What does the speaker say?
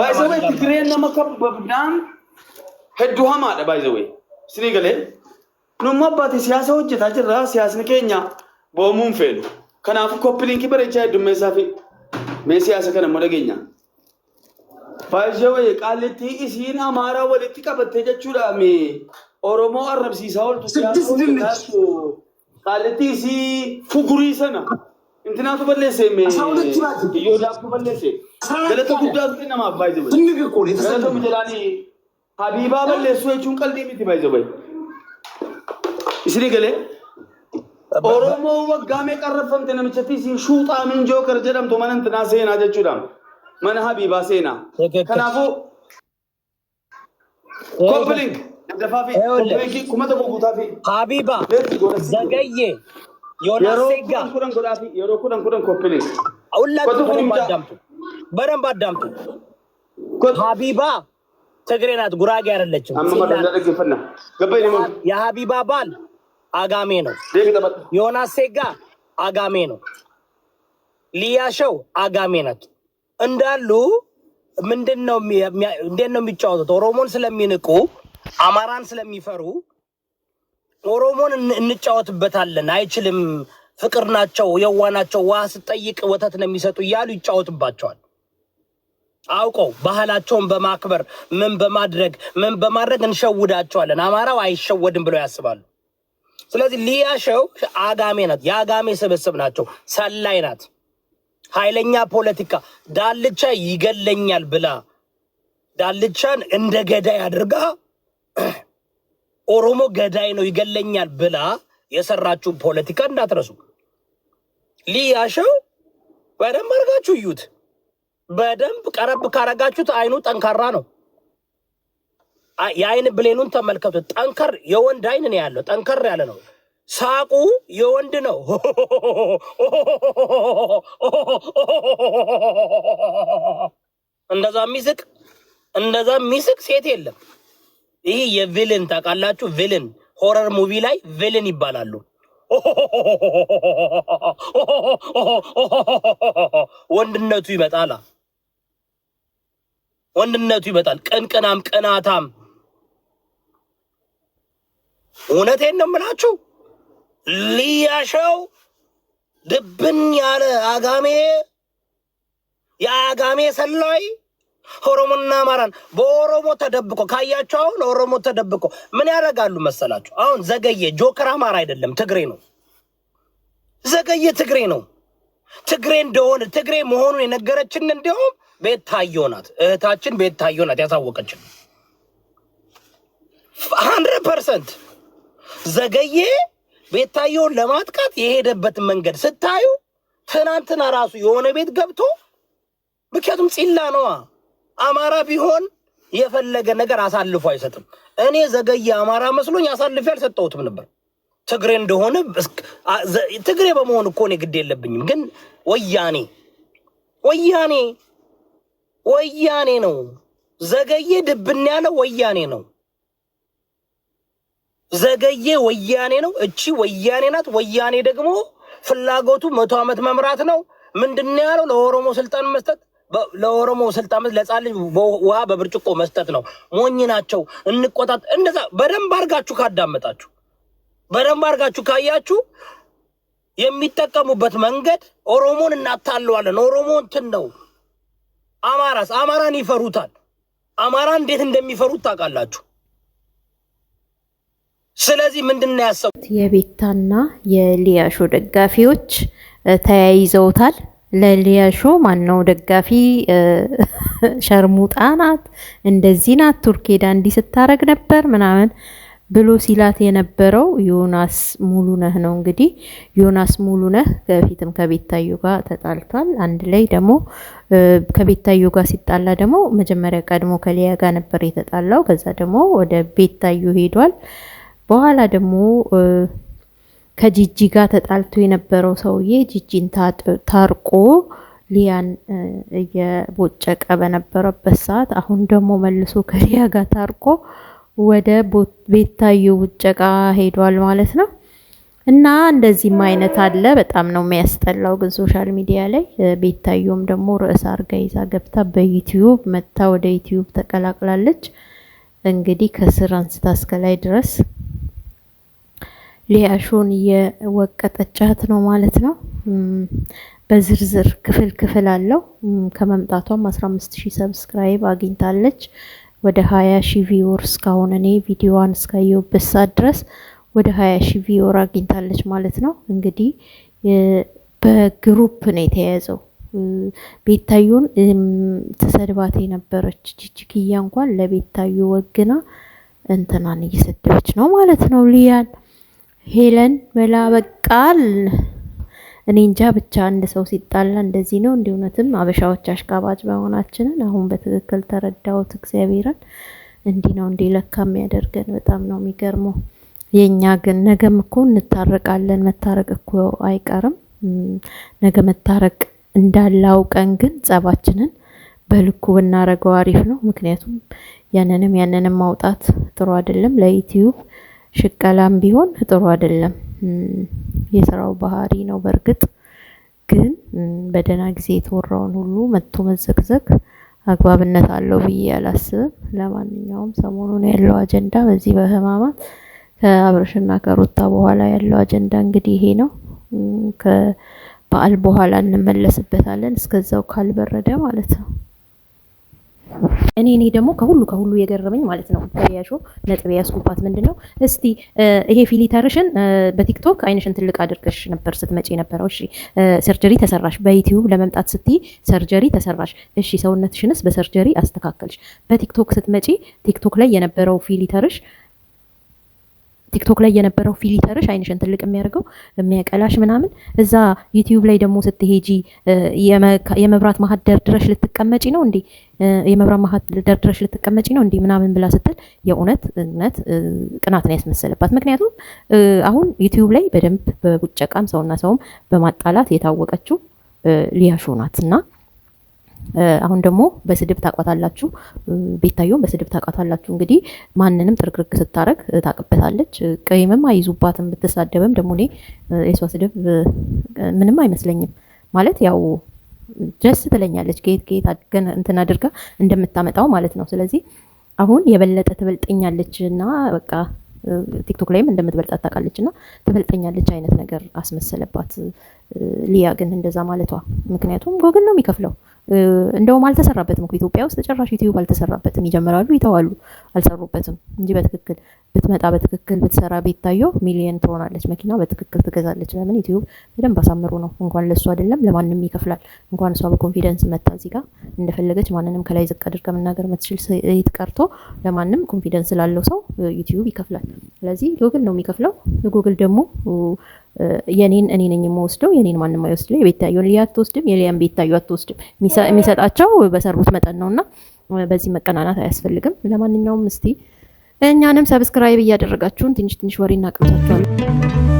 ባይዘወይ ትግሬን ለመከበብዳን ህድሃ ማለ ባይዘወይ ስኒገሌ ኑማ አባቴ ሲያሳ ሆጀታ ጅራ ሲያስን ኬኛ ቦሙን ፌሉ ከናፉ ኮፕሊንኪ በሬቻ ዱሜሳፊ ሜሲያሰ ከነ ሞደገኛ ባይዘወይ ቃልቲ ኢሲን አማራ ወልቲ ቀበቴ ጀቹዳሚ ኦሮሞ አረብሲሳ ወልቱ ቃልቲ ኢሲ ፉጉሪሰና እንትናቱ በለሴ ዮዳቱ በለሴ ገለተ ጉዳቱ ነማ ባይዘበ ገለተ ሙጀላኒ ሀቢባ በለሱ የቹን ቀልዲ ሚት ባይዘበ እስኒ ገሌ ኦሮሞ ወጋሜ ቀረፈምት ነምቸቲ ሹጣ ሚንጆ ከርጀደምቶ መነ እንትና ሴና ጀቹዳም መነ ሀቢባ ሴና ከናፉ ኮፕሊንግ ደፋፊ ኮፕሊንግ ኩመተ ጉጉታፊ ሀቢባ ዘገየ ዮናስ ሴጋ በደንብ አዳምጡ። ሀቢባ ትግሬ ናት፣ ጉራጌ አይደለችም። የሀቢባ ባል አጋሜ ነው። ዮናስ ሴጋ አጋሜ ነው። ሊያሸው አጋሜ ናት። እንዳሉ ምንድን ነው ነው የሚጫወቱት? ኦሮሞን ስለሚንቁ አማራን ስለሚፈሩ ኦሮሞን እንጫወትበታለን። አይችልም፣ ፍቅር ናቸው፣ የዋ ናቸው፣ ውሃ ስጠይቅ ወተት ነው የሚሰጡ እያሉ ይጫወትባቸዋል። አውቀው ባህላቸውን በማክበር ምን በማድረግ ምን በማድረግ እንሸውዳቸዋለን። አማራው አይሸወድም ብለው ያስባሉ። ስለዚህ ሊያሸው አጋሜ ናት፣ የአጋሜ ስብስብ ናቸው፣ ሰላይ ናት። ኃይለኛ ፖለቲካ ዳልቻ ይገለኛል ብላ ዳልቻን እንደ ገዳይ አድርጋ ኦሮሞ ገዳይ ነው ይገለኛል ብላ የሰራችውን ፖለቲካ እንዳትረሱ። ሊያሸው በደንብ አርጋችሁ እዩት። በደንብ ቀረብ ካረጋችሁት አይኑ ጠንካራ ነው። የአይን ብሌኑን ተመልከቱት። ጠንከር የወንድ አይን ነው ያለው፣ ጠንከር ያለ ነው። ሳቁ የወንድ ነው። እንደዛ ሚስቅ እንደዛ የሚስቅ ሴት የለም። ይህ የቪልን ታውቃላችሁ? ቪልን ሆረር ሙቪ ላይ ቪልን ይባላሉ። ወንድነቱ ይመጣል። ወንድነቱ ይመጣል። ቅንቅናም ቅናታም። እውነቴን ነው የምላችሁ። ሊያሸው ድብን ያለ አጋሜ የአጋሜ ሰላይ ኦሮሞና አማራን በኦሮሞ ተደብቆ ካያቸው አሁን ኦሮሞ ተደብቆ ምን ያደርጋሉ መሰላችሁ? አሁን ዘገየ ጆከር አማራ አይደለም ትግሬ ነው። ዘገየ ትግሬ ነው። ትግሬ እንደሆነ ትግሬ መሆኑን የነገረችን እንዲሁም ቤታዮ ናት፣ እህታችን ቤታዮ ናት ያሳወቀችን ሀንድረድ ፐርሰንት። ዘገየ ታየውን ለማጥቃት የሄደበትን መንገድ ስታዩ ትናንትና ራሱ የሆነ ቤት ገብቶ ምክንያቱም ፂላ ነዋ አማራ ቢሆን የፈለገ ነገር አሳልፎ አይሰጥም። እኔ ዘገየ አማራ መስሎኝ አሳልፌ አልሰጠሁትም ነበር። ትግሬ እንደሆነ ትግሬ በመሆን እኮ እኔ ግድ የለብኝም። ግን ወያኔ ወያኔ ወያኔ ነው። ዘገየ ድብን ያለው ወያኔ ነው። ዘገየ ወያኔ ነው። እቺ ወያኔ ናት። ወያኔ ደግሞ ፍላጎቱ መቶ ዓመት መምራት ነው። ምንድን ያለው ለኦሮሞ ስልጣን መስጠት ለኦሮሞ ስልጣን ለጻን ልጅ ውሃ በብርጭቆ መስጠት ነው። ሞኝ ናቸው እንቆጣት። እንደዛ በደንብ አርጋችሁ ካዳመጣችሁ፣ በደንብ አርጋችሁ ካያችሁ የሚጠቀሙበት መንገድ ኦሮሞን እናታለዋለን፣ ኦሮሞ እንትን ነው። አማራስ አማራን ይፈሩታል። አማራ እንዴት እንደሚፈሩት ታውቃላችሁ። ስለዚህ ምንድን ነው ያሰቡት? የቤታና የሊያሾ ደጋፊዎች ተያይዘውታል። ለሊያሾ ማን ነው ደጋፊ ሸርሙጣ ናት፣ እንደዚህ ናት፣ ቱርኬዳ እንዲህ ስታረግ ነበር ምናምን ብሎ ሲላት የነበረው ዮናስ ሙሉነህ ነው። እንግዲህ ዮናስ ሙሉነህ ከፊትም ከቤታዩ ጋር ተጣልቷል። አንድ ላይ ደግሞ ከቤታዩ ጋር ሲጣላ ደግሞ መጀመሪያ ቀድሞ ከሊያ ጋር ነበር የተጣላው። ከዛ ደግሞ ወደ ቤታዩ ሄዷል። በኋላ ደግሞ ከጂጂ ጋር ተጣልቶ የነበረው ሰውዬ ጂጂን ታርቆ ሊያን እየቦጨቀ በነበረበት ሰዓት አሁን ደግሞ መልሶ ከሊያ ጋር ታርቆ ወደ ቤታዮ ቦጨቃ ሄዷል ማለት ነው። እና እንደዚህም አይነት አለ። በጣም ነው የሚያስጠላው ግን ሶሻል ሚዲያ ላይ ቤታዮም ደግሞ ርዕስ አርጋ ይዛ ገብታ በዩቲዩብ መታ ወደ ዩቲዩብ ተቀላቅላለች። እንግዲህ ከስር አንስታ እስከ ላይ ድረስ ሊያሾን እየወቀጠቻት ነው ማለት ነው። በዝርዝር ክፍል ክፍል አለው። ከመምጣቷም 15000 ሰብስክራይብ አግኝታለች። ወደ 20 ሺህ ቪወር እስካሁን እኔ ቪዲዮዋን እስካየሁበት ሰዓት ድረስ ወደ 20 ሺህ ቪወር አግኝታለች ማለት ነው። እንግዲህ በግሩፕ ነው የተያዘው። ቤታዩን ተሰድባት የነበረች ጂጂክያ እንኳን ለቤታዩ ወግና እንትናን እየሰደበች ነው ማለት ነው ሊያን ሄለን በላ በቃል እኔ እንጃ ብቻ አንድ ሰው ሲጣላ እንደዚህ ነው። እንደ እውነትም አበሻዎች አሽቃባጭ በመሆናችንን አሁን በትክክል ተረዳሁት። እግዚአብሔርን እንዲህ ነው እንዲህ ለካ የሚያደርገን በጣም ነው የሚገርመው። የኛ ግን ነገም እኮ እንታረቃለን። መታረቅ እኮ አይቀርም። ነገ መታረቅ እንዳላውቀን ግን ጸባችንን በልኩ ብናረገው አሪፍ ነው። ምክንያቱም ያንንም ያንንም ማውጣት ጥሩ አይደለም ለዩቲዩብ ሽቀላም ቢሆን ጥሩ አይደለም። የስራው ባህሪ ነው። በእርግጥ ግን በደህና ጊዜ የተወራውን ሁሉ መጥቶ መዘግዘግ አግባብነት አለው ብዬ አላስብም። ለማንኛውም ሰሞኑን ያለው አጀንዳ በዚህ በህማማት ከአብርሽና ከሩታ በኋላ ያለው አጀንዳ እንግዲህ ይሄ ነው። ከበዓል በኋላ እንመለስበታለን። እስከዛው ካልበረደ ማለት ነው። እኔ እኔ ደግሞ ከሁሉ ከሁሉ የገረመኝ ማለት ነው ከያሾ ነጥብ ያስኩባት ምንድን ነው እስቲ ይሄ ፊሊተርሽን በቲክቶክ አይንሽን ትልቅ አድርገሽ ነበር ስትመጪ ነበረው። እሺ ሰርጀሪ ተሰራሽ፣ በዩቲዩብ ለመምጣት ስቲ ሰርጀሪ ተሰራሽ። እሺ ሰውነትሽንስ በሰርጀሪ አስተካከልሽ። በቲክቶክ ስትመጪ ቲክቶክ ላይ የነበረው ፊሊተርሽ ቲክቶክ ላይ የነበረው ፊሊተርሽ አይንሽን ትልቅ የሚያደርገው የሚያቀላሽ ምናምን፣ እዛ ዩቲዩብ ላይ ደግሞ ስትሄጂ የመብራት ማህደር ደርድረሽ ልትቀመጪ ነው እንዴ? የመብራት ማህደር ደርድረሽ ልትቀመጪ ነው እንዴ? ምናምን ብላ ስትል የእውነት እውነት ቅናት ነው ያስመሰለባት። ምክንያቱም አሁን ዩቲዩብ ላይ በደንብ በቡጨቃም ሰውና ሰውም በማጣላት የታወቀችው ሊያሾ ናት እና አሁን ደግሞ በስድብ ታቋታላችሁ። ቤታየውም በስድብ ታቋታላችሁ እንግዲህ ማንንም ጥርግርግ ስታረግ ታውቅበታለች። ቀይምም አይዙባትም፣ ብትሳደብም ደግሞ እኔ የሷ ስድብ ምንም አይመስለኝም። ማለት ያው ጀስ ትለኛለች፣ ጌት ጌት አድገን እንትን አድርጋ እንደምታመጣው ማለት ነው። ስለዚህ አሁን የበለጠ ትበልጠኛለች እና በቃ ቲክቶክ ላይም እንደምትበልጣት ታውቃለች እና ትበልጠኛለች አይነት ነገር አስመሰለባት። ሊያ ግን እንደዛ ማለቷ ምክንያቱም ጎግል ነው የሚከፍለው እንደውም አልተሰራበትም እኮ ኢትዮጵያ ውስጥ ተጨራሽ ዩቲዩብ አልተሰራበትም። ይጀምራሉ ይተዋሉ፣ አልሰሩበትም እንጂ በትክክል ብትመጣ በትክክል ብትሰራ ቤታዮ ሚሊየን ትሆናለች፣ መኪና በትክክል ትገዛለች። ለምን ዩቲዩብ በደንብ አሳምሩ ነው። እንኳን ለሱ አይደለም ለማንም ይከፍላል። እንኳን እሷ በኮንፊደንስ መታ እዚህ ጋር እንደፈለገች ማንንም ከላይ ዝቅ አድርጋ መናገር መትችል ሴት ቀርቶ ለማንም ኮንፊደንስ ላለው ሰው ዩቲዩብ ይከፍላል። ስለዚህ ጉግል ነው የሚከፍለው። ጉግል ደግሞ የኔን እኔ ነኝ የምወስደው፣ የኔን ማንም አይወስድም። የቤታየውን ሊያ አትወስድም፣ የሊያን ቤታዩ አትወስድም። የሚሰጣቸው በሰሩት መጠን ነውና በዚህ መቀናናት አያስፈልግም። ለማንኛውም እስቲ እኛንም ሰብስክራይብ እያደረጋችሁን ትንሽ ትንሽ ወሬ እናቀርባችኋለን።